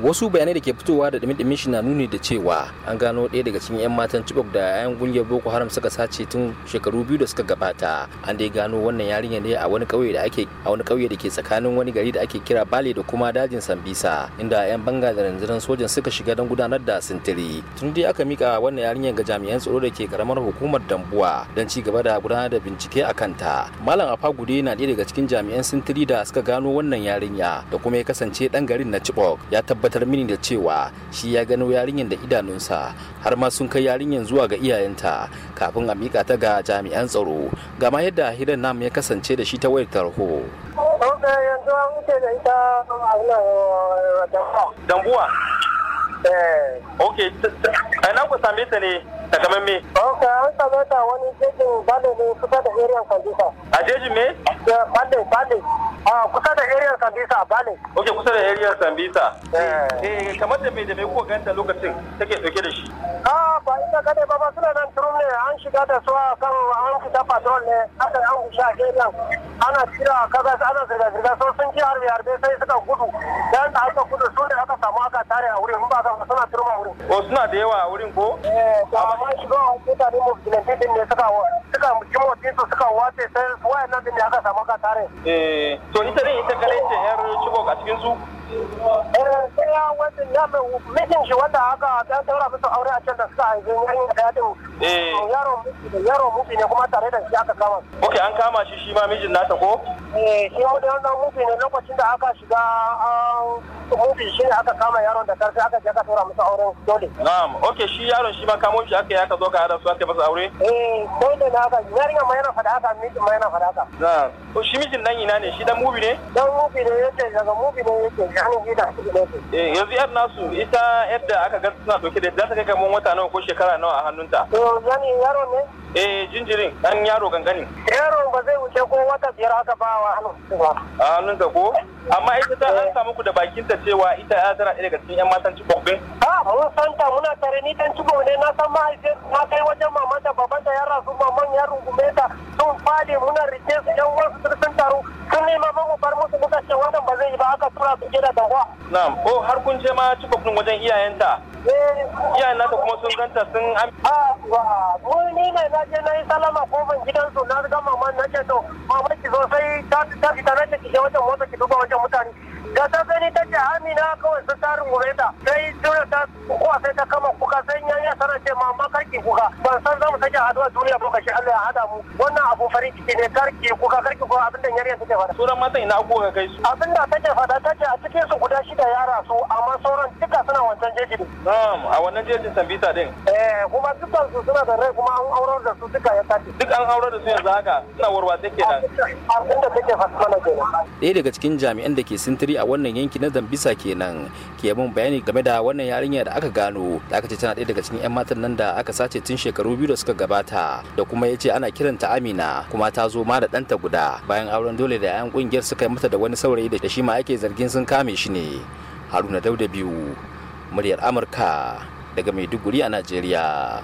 wasu bayanai da ke fitowa da dumi dimi shi na nuni da cewa an gano ɗaya daga cikin 'yan matan cibok da 'yan gungiyar boko haram suka sace tun shekaru biyu da suka gabata an dai gano wannan yarinya ne a wani ƙauye da ake a wani ƙauye da ke tsakanin wani gari da ake kira bale da kuma dajin sambisa inda 'yan banga da rinjiran sojan suka shiga don gudanar da sintiri tun dai aka mika wannan yarinyar ga jami'an tsaro da ke karamar hukumar dambuwa don ci gaba da gudanar da bincike a kanta malam afagude na ɗaya daga cikin jami'an sintiri da suka gano wannan yarinya da kuma ya kasance ɗan garin na cibok ya tabbata tabbatar mini da cewa shi ya gano yarinyar da idanunsa har ma sun kai yarinyar zuwa ga iyayenta kafin a mika ta ga jami'an tsaro gama yadda hidan nam ya kasance da shi ta wayar tarho. yanzu Ok, ku same ta ne ta kamar me? Ok, an same ta wani jejin bale ne kusa da area kandisa. A jejin me? Bale, bale. A kusa da area kandisa, bale. Ok, kusa da area kandisa. Eh, eh kamar da me da me kuka ganta lokacin take dauke da shi? Ah, ba ita kadai ba ba suna nan turun ne an shiga da su a kan an fita patrol ne aka an wuce a gefen ana tira kaza ana zirga-zirga so sun ci harbe-harbe sai suka gudu. Dan da aka gudu su ne aka samu aka tare a wurin ba ka suna turum o suna da yawa a wurin ko? eh amma shugaban hukuta ne mu vigilante din ne suka suka jimotin su suka wace sai wayan nan din ne aka samu ka tare eh to ita ne ita kare ce yar chibok a cikin su? Eh, eh, ya wanda ya mai mijin shi wanda aka dan daura musu aure a can da suka haife yarin da eh. yaro yaro mutu ne kuma tare da shi aka kama ok an kama shi shi ma mijin nata ko eh shi mu da wannan mutu ne lokacin da aka shiga mutu shi ne aka kama yaron da karfi aka je aka tura musu aure dole na'am ok shi yaron shi ma kamo shi aka yi ka zo ka hada su aka masa aure eh ko ne na aka yarin ma yana fada haka mijin ma yana fada haka na'am to shi mijin nan ina ne shi dan mubi ne dan mubi ne yake daga mubi ne yake yana gida ne Eh, yanzu yar nasu ita yadda aka ga suna dauke da za ta kai kamar wata nawa ko shekara nawa a hannunta to zani yaro ne eh jinjirin dan yaro gangani yaro ba zai wuce ko wata biyar aka ba wa hannunta ba a hannunta ko amma ita ta an eh. samu ku da bakinta cewa ita ya tana ɗaya daga cikin yan matan cikokin a mun san ta muna tare ni dan ci ne na san mahaifiyar na kai wajen mamanta babanta ya rasu mamman ya rungume ta sun fadi muna aka tura su gida da wa. Na'am, ko har kun je ma cika kun wajen iyayenta. Eh, Iyayen nata kuma sun ganta sun am. A ah, wa, ni ne na je na yi salama kofin gidansu na riga mama na ce to mama ki zo sai ta ta na ce ki je wajen mota ki duba wajen mutane. Ga ta gani ta ce amina kawai sun tarin gureta sai jura ta kuwa sai ta kama kuka sai yanya tana ce mama kar ki kuka ban san zamu sake haduwa duniya ba kashi Allah ya hada mu wannan ko farin ciki ne karki kuka karki ko abin da yarinya take fara. sauran matan ina ko ga kai su abin da take fada take a cikin su guda shida yara su amma sauran duka suna wancan jeji ne na'am a wannan jejin sambisa din eh kuma dukkan su suna da rai kuma an aurar da su duka ya tace duk an aurar da su yanzu haka suna warwatse kenan abin da take fada mana kenan ɗaya daga cikin jami'an da ke sintiri a wannan yanki na zambisa kenan ke mun bayani game da wannan yarinya da aka gano da aka ce tana ɗaya daga cikin 'yan matan nan da aka sace tun shekaru biyu da suka gabata da kuma ya ce ana kiranta amina kuma ta zo ma da ɗanta guda bayan auren dole da 'yan ƙungiyar suka yi mata da wani saurayi da shi ma ake zargin sun kame shi ne haruna dauda biyu muryar amurka daga maiduguri a najeriya